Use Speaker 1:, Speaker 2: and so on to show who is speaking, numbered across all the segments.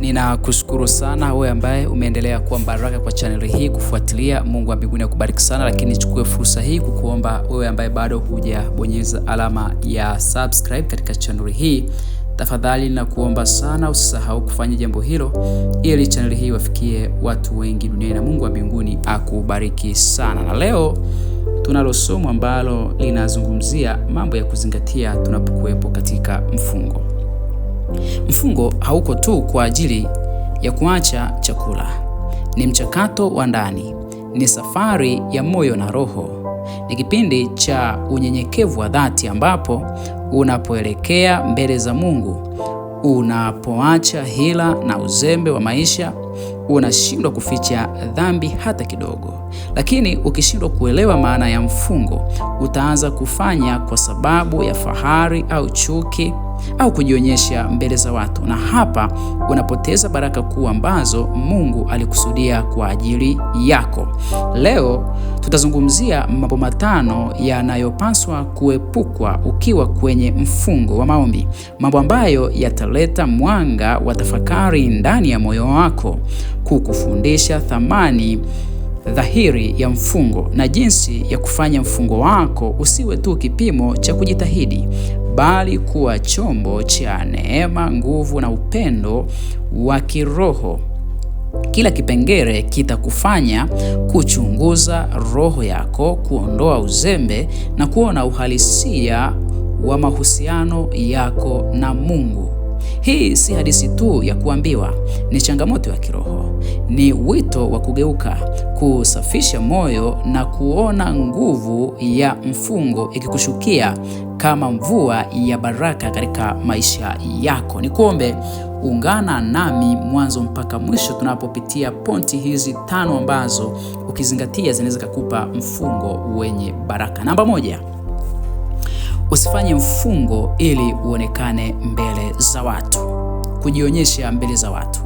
Speaker 1: Ninakushukuru sana wewe ambaye umeendelea kuwa baraka kwa chaneli hii kufuatilia. Mungu wa mbinguni akubariki sana, lakini nichukue fursa hii kukuomba wewe ambaye bado hujabonyeza alama ya subscribe katika chaneli hii, tafadhali nakuomba sana usisahau kufanya jambo hilo, ili chaneli hii wafikie watu wengi duniani, na Mungu wa mbinguni akubariki sana. Na leo tunalo somo ambalo linazungumzia mambo ya kuzingatia tunapokuwepo katika mfungo. Mfungo hauko tu kwa ajili ya kuacha chakula. Ni mchakato wa ndani, ni safari ya moyo na roho, ni kipindi cha unyenyekevu wa dhati ambapo unapoelekea mbele za Mungu, unapoacha hila na uzembe wa maisha unashindwa kuficha dhambi hata kidogo. Lakini ukishindwa kuelewa maana ya mfungo, utaanza kufanya kwa sababu ya fahari au chuki, au kujionyesha mbele za watu, na hapa unapoteza baraka kuu ambazo Mungu alikusudia kwa ajili yako. Leo tutazungumzia mambo matano yanayopaswa kuepukwa ukiwa kwenye mfungo wa maombi, mambo ambayo yataleta mwanga wa tafakari ndani ya moyo wako, kukufundisha thamani dhahiri ya mfungo na jinsi ya kufanya mfungo wako usiwe tu kipimo cha kujitahidi, bali kuwa chombo cha neema, nguvu na upendo wa kiroho. Kila kipengele kitakufanya kuchunguza roho yako, kuondoa uzembe na kuona uhalisia wa mahusiano yako na Mungu. Hii si hadithi tu ya kuambiwa, ni changamoto ya kiroho, ni wito wa kugeuka, kusafisha moyo na kuona nguvu ya mfungo ikikushukia kama mvua ya baraka katika maisha yako. Ni kuombe ungana nami mwanzo mpaka mwisho tunapopitia pointi hizi tano ambazo ukizingatia zinaweza kukupa mfungo wenye baraka. Namba moja Usifanye mfungo ili uonekane mbele za watu, kujionyesha mbele za watu.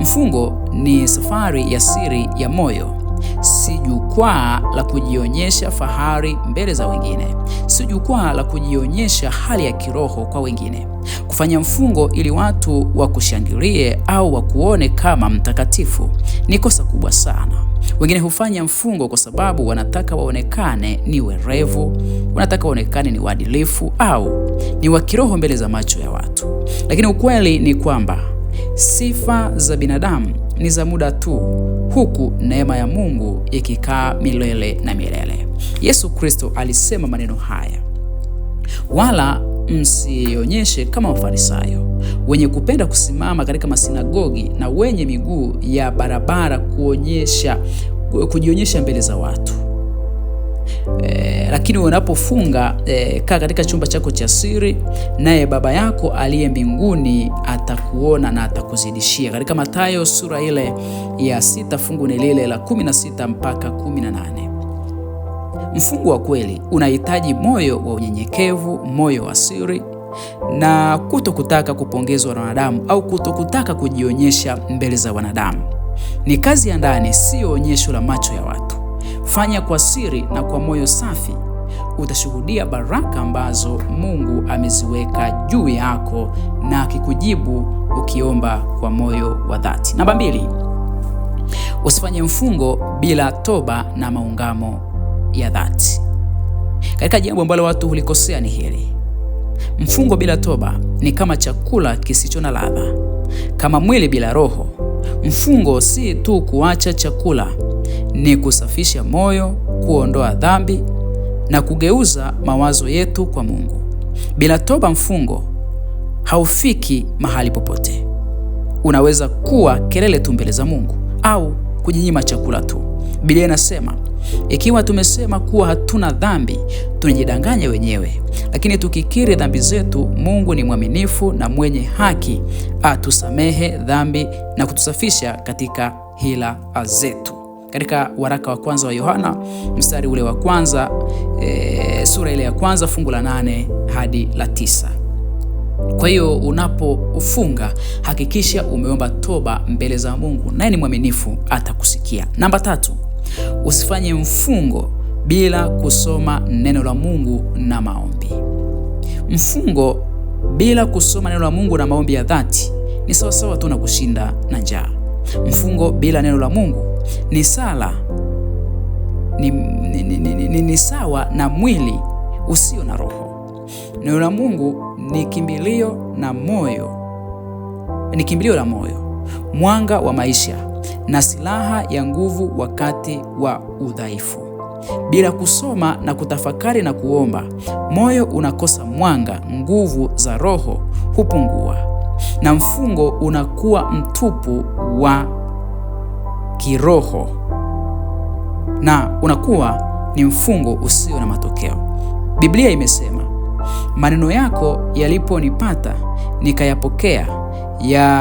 Speaker 1: Mfungo ni safari ya siri ya moyo, si jukwaa la kujionyesha fahari mbele za wengine, si jukwaa la kujionyesha hali ya kiroho kwa wengine. Kufanya mfungo ili watu wakushangilie au wakuone kama mtakatifu ni kosa kubwa sana. Wengine hufanya mfungo kwa sababu wanataka waonekane ni werevu, wanataka waonekane ni waadilifu au ni wa kiroho mbele za macho ya watu. Lakini ukweli ni kwamba sifa za binadamu ni za muda tu, huku neema ya Mungu ikikaa milele na milele. Yesu Kristo alisema maneno haya, wala msionyeshe kama Wafarisayo wenye kupenda kusimama katika masinagogi na wenye miguu ya barabara kuonyesha kujionyesha mbele za watu. E, lakini unapofunga e, kaa katika chumba chako cha siri, naye Baba yako aliye mbinguni atakuona na atakuzidishia. Katika Mathayo sura ile ya sita fungu ni lile la 16 mpaka 18. Mfungo wa kweli unahitaji moyo wa unyenyekevu, moyo wa siri na kuto kutaka kupongezwa na wanadamu au kutokutaka kujionyesha mbele za wanadamu. Ni kazi ya ndani, siyo onyesho la macho ya watu. Fanya kwa siri na kwa moyo safi, utashuhudia baraka ambazo Mungu ameziweka juu yako na akikujibu ukiomba kwa moyo wa dhati. Namba mbili, usifanye mfungo bila toba na maungamo ya dhati. Katika jambo ambalo watu hulikosea ni hili: mfungo bila toba ni kama chakula kisicho na ladha, kama mwili bila roho. Mfungo si tu kuacha chakula, ni kusafisha moyo, kuondoa dhambi na kugeuza mawazo yetu kwa Mungu. Bila toba, mfungo haufiki mahali popote. Unaweza kuwa kelele tu mbele za Mungu au kujinyima chakula tu. Biblia inasema ikiwa tumesema kuwa hatuna dhambi, tunajidanganya wenyewe, lakini tukikiri dhambi zetu, Mungu ni mwaminifu na mwenye haki atusamehe dhambi na kutusafisha katika hila zetu. Katika waraka wa kwanza wa Yohana mstari ule wa kwanza e, sura ile ya kwanza fungu la nane hadi la tisa. Kwa hiyo unapofunga hakikisha umeomba toba mbele za Mungu, naye ni mwaminifu atakusikia. Namba tatu, Usifanye mfungo bila kusoma neno la Mungu na maombi. Mfungo bila kusoma neno la Mungu na maombi ya dhati ni sawasawa tu na kushinda na njaa. Mfungo bila neno la Mungu ni sala ni, ni, ni, ni, ni, ni sawa na mwili usio na roho. Neno la Mungu ni kimbilio na moyo, ni kimbilio la moyo, mwanga wa maisha na silaha ya nguvu wakati wa udhaifu. Bila kusoma na kutafakari na kuomba, moyo unakosa mwanga, nguvu za roho hupungua, na mfungo unakuwa mtupu wa kiroho na unakuwa ni mfungo usio na matokeo. Biblia imesema, maneno yako yaliponipata nikayapokea ya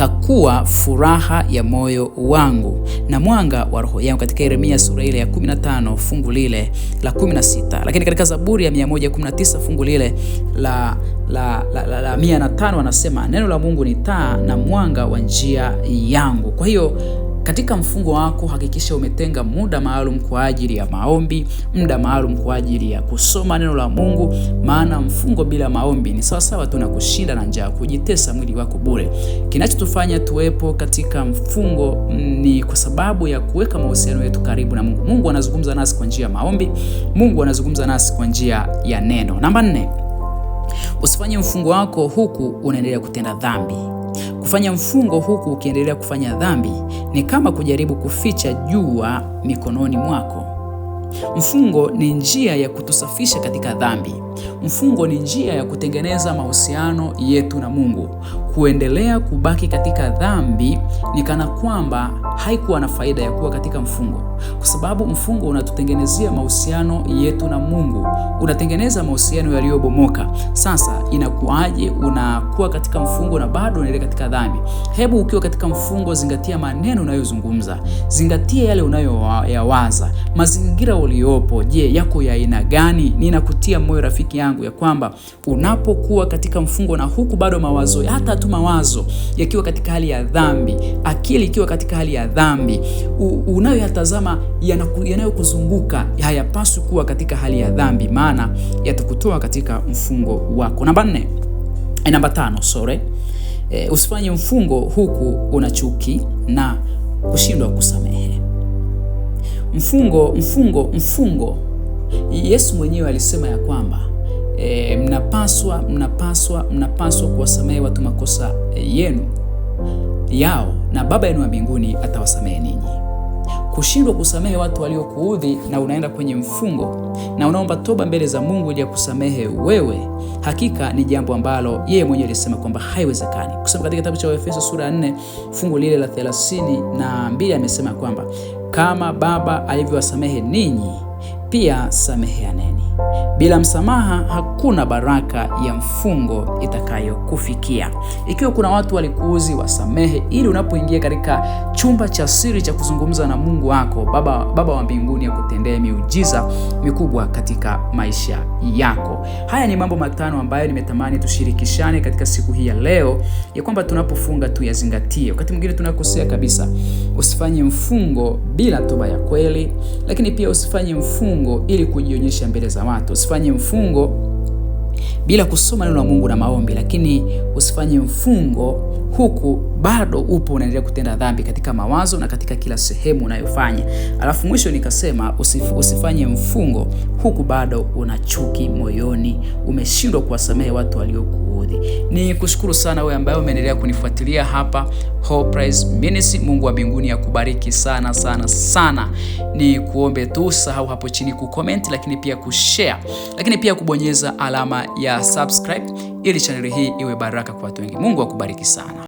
Speaker 1: akakuwa furaha ya moyo wangu na mwanga wa roho yangu, katika Yeremia sura ile ya 15 fungu lile la 16, lakini katika Zaburi ya 119 fungu lile la la, la, la, la la 105 anasema neno la Mungu ni taa na mwanga wa njia yangu. Kwa hiyo katika mfungo wako hakikisha umetenga muda maalum kwa ajili ya maombi, muda maalum kwa ajili ya kusoma neno la Mungu, maana mfungo bila maombi ni sawasawa tu na kushinda na njaa, kujitesa mwili wako bure. Kinachotufanya tuwepo katika mfungo ni kwa sababu ya kuweka mahusiano yetu karibu na Mungu. Mungu anazungumza nasi kwa njia ya maombi, Mungu anazungumza nasi kwa njia ya neno. Namba nne, usifanye mfungo wako huku unaendelea kutenda dhambi. Kufanya mfungo huku ukiendelea kufanya dhambi ni kama kujaribu kuficha jua mikononi mwako. Mfungo ni njia ya kutusafisha katika dhambi. Mfungo ni njia ya kutengeneza mahusiano yetu na Mungu. Kuendelea kubaki katika dhambi ni kana kwamba haikuwa na faida ya kuwa katika mfungo, kwa sababu mfungo unatutengenezea mahusiano yetu na Mungu, unatengeneza mahusiano yaliyobomoka. Sasa inakuwaje unakuwa katika mfungo na bado unaendelea katika dhambi? Hebu ukiwa katika mfungo, zingatia maneno unayozungumza, zingatia yale unayoyawaza, mazingira uliopo, je, yako ya aina gani? Ninakutia moyo rafiki yangu ya kwamba unapokuwa katika mfungo na huku bado mawazo hata tu mawazo yakiwa katika hali ya dhambi, akili ikiwa katika hali ya dhambi, unayoyatazama yanayokuzunguka hayapaswi kuwa katika hali ya dhambi, maana yatakutoa katika mfungo wako. Namba nne, eh, namba tano, sore E, eh, usifanye mfungo huku una chuki na kushindwa kusamehe. Mfungo, mfungo, mfungo. Yesu mwenyewe alisema ya kwamba e, mnapaswa mnapaswa mnapaswa kuwasamehe watu makosa eh, yenu yao, na Baba yenu wa mbinguni atawasamehe ninyi. Kushindwa kusamehe watu waliokuudhi na unaenda kwenye mfungo na unaomba toba mbele za Mungu ili akusamehe wewe, hakika ni jambo ambalo yeye mwenyewe alisema kwamba haiwezekani. Kusema katika kitabu cha Waefeso sura 4 fungu lile la 32 amesema kwamba kama Baba alivyowasamehe ninyi, pia sameheaneni. Bila msamaha hakuna baraka ya mfungo itakayokufikia. Ikiwa kuna watu walikuuzi, wasamehe, ili unapoingia katika chumba cha siri cha kuzungumza na Mungu wako, Baba, Baba wa mbinguni akutendee miujiza mikubwa katika maisha yako. Haya ni mambo matano ambayo nimetamani tushirikishane katika siku hii ya leo, ya kwamba tunapofunga tu yazingatie Wakati mwingine tunakosea kabisa. Usifanye mfungo bila toba ya kweli, lakini pia usifanye mfungo ili kujionyesha mbele za watu utatu. Usifanye mfungo bila kusoma neno la Mungu na maombi, lakini usifanye mfungo huku bado upo unaendelea kutenda dhambi katika mawazo na katika kila sehemu unayofanya. Alafu mwisho nikasema usif, usifanye mfungo huku bado una chuki moyoni, umeshindwa kuwasamehe watu waliokuudhi. Ni kushukuru sana wewe ambaye umeendelea kunifuatilia hapa Hope Praise Ministry. Mungu wa mbinguni akubariki sana sana sana. Ni kuombe tu usahau hapo chini kucomment, lakini pia kushare, lakini pia kubonyeza alama ya subscribe ili chaneli hii iwe baraka kwa watu wengi. Mungu akubariki sana.